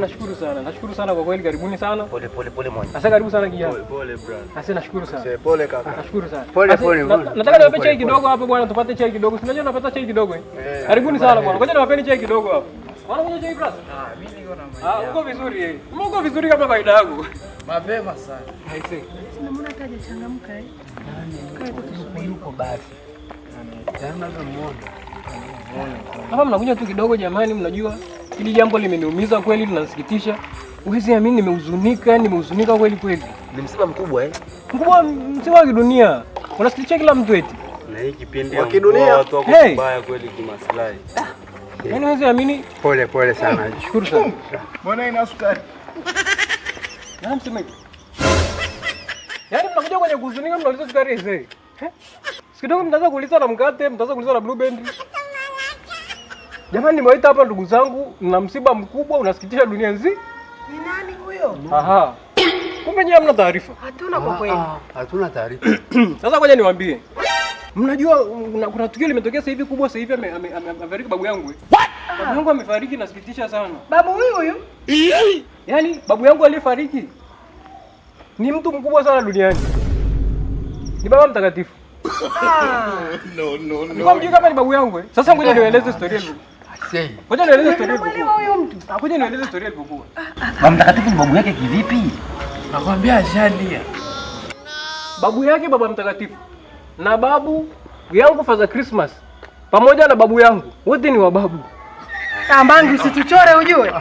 Nashukuru sana, nashukuru sana kwa kweli, karibuni sana. Pole pole pole mwana. Asante, karibu sana kijana. Pole pole brother. Asante, nashukuru sana. Pole kaka. Nashukuru sana. Pole pole. Nataka niwape chai kidogo hapo bwana, tupate chai kidogo. Unajua napata chai kidogo eh. eh karibuni sana eh. bwana. Ngoja niwapeni chai kidogo hapo. Bwana, ngoja chai brother. Ah, mimi niko na maji. Ah, uko vizuri eh. Uko vizuri kama kawaida yako. Mapema sana. Haisi. Naona kaje changamka eh. Yuko basi. Ana jambo moja. Hapa mnakuja tu kidogo, jamani, mnajua hili jambo limeniumiza kweli, linasikitisha. Huwezi amini, nimehuzunika, nimehuzunika kweli kweli. Ni msiba mkubwa eh? Mkubwa, msiba wa kidunia unasikitisha kila mtu eti. Na hii kipindi ya kidunia watu wako mbaya kweli kimaslahi. Yaani huwezi amini. Pole pole sana. Shukuru sana. Mbona ina sukari? Na yaani msemaji. Yaani mnakuja kwenye kuhuzunika mnauliza sukari eh? hizi. Sikidogo mtaanza kuuliza na mkate, mtaanza kuuliza na blue band. Jamani, nimewaita hapa ndugu zangu na msiba mkubwa unasikitisha dunia nzima. Ni nani huyo? Aha. Kumbe nyinyi hamna taarifa. Hatuna kwa kweli. Ah, ah, hatuna taarifa. Sasa ngoja niwaambie. Mnajua kuna tukio limetokea sasa hivi kubwa sasa hivi amefariki babu yangu. Eh. What? Babu yangu amefariki nasikitisha sana. Babu huyu huyu? Yaani babu yangu aliyefariki ni mtu mkubwa sana duniani. Ni baba mtakatifu. Ah. No, no, no. Mjui kama ni babu yangu. Eh. Sasa ngoja niwaeleze historia. ndugu. Ah, Mama Mtakatifu ni babu yake kivipi? Nakwambia ashalia babu yake Baba Mtakatifu na babu yangu Father Christmas pamoja na babu yangu wote ni wababu. Ambangi, ah, usituchore ujue.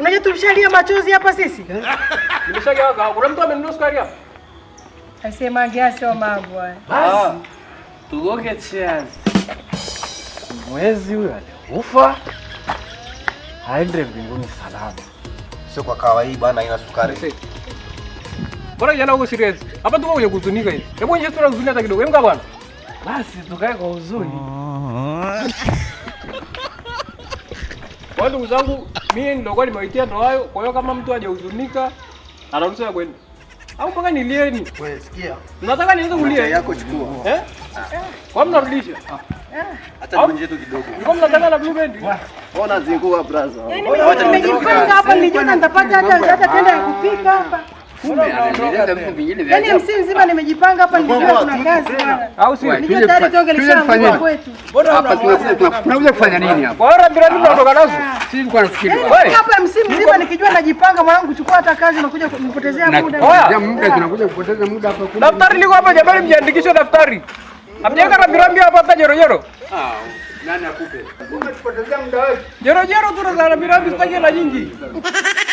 Unajua tumshalia machozi hapa sisi. Nimeshaga hapa. Kuna mtu amenunua sukari hapa. Asema gasi ngiasio mambo. Basi. Tugoke chance mwezi huyo alikufa, aende mbinguni salama. Sio kwa kawaida bwana, ina sukari. Bora jana uko serious. Hapa tuko kwenye kuzunika hivi. Hebu nje sura kuzunika hata kidogo. Emka bwana. Basi tukae kwa huzuni. Kwa ndugu zangu, mimi ndio kwa nimewaitia ndo hayo. Kwa hiyo kama mtu hajahuzunika, anaruhusiwa kwenda. Au mpaka nilieni. Wewe sikia. Unataka niweze kulia. Yako chukua. Eh? Kwa ah. mnarudisha? Ah. Hata nje tu kidogo. Kwa mnataka na blue band? Ona zingua brother. Wacha nimejipanga hapa nilijua nitapata hata hata tenda ya kupika hapa. Yaani msimu mzima nimejipanga hapa nilijua kuna kazi bwana. Au si niko tayari tonge lishangu kwetu. Mbona hapa tunakuja tunaweza kufanya nini hapa? Bora bila mimi naondoka nazo. Ah. Si nilikuwa nafikiri. Yaani Wewe hapa msimu mzima nikijua najipanga mwanangu chukua hata kazi unakuja kunipotezea muda. Muda tunakuja kupoteza muda hapa. Daftari liko hapa jamani mjiandikishe daftari. Hamjaweka na pirambi hapa hata jero jero. Ah, nani akupe? Unatupotezea muda wetu. Jero jero tu na pirambi sitaki la nyingi.